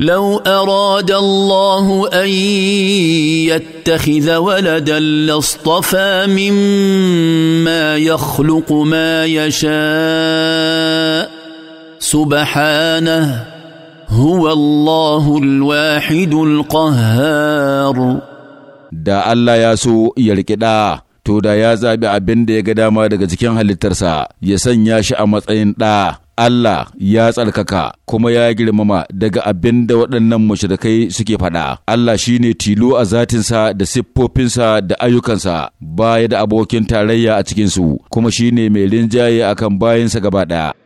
لو اراد الله ان يتخذ ولدا لاصطفى مما يخلق ما يشاء سبحانه هو الله الواحد القهار da Allah ya so ya ɗa, to da ya zaɓi abinda ya ga dama daga cikin halittarsa ya sanya shi a matsayin ɗa Allah ya tsarkaka kuma ya girmama daga abin da waɗannan mashirkai suke faɗa. Allah shi ne tilo a zatinsa da siffofinsa da ayyukansa baya da abokin tarayya a cikinsu kuma shi ne mai rinjaye akan bayansa gaba ɗaya.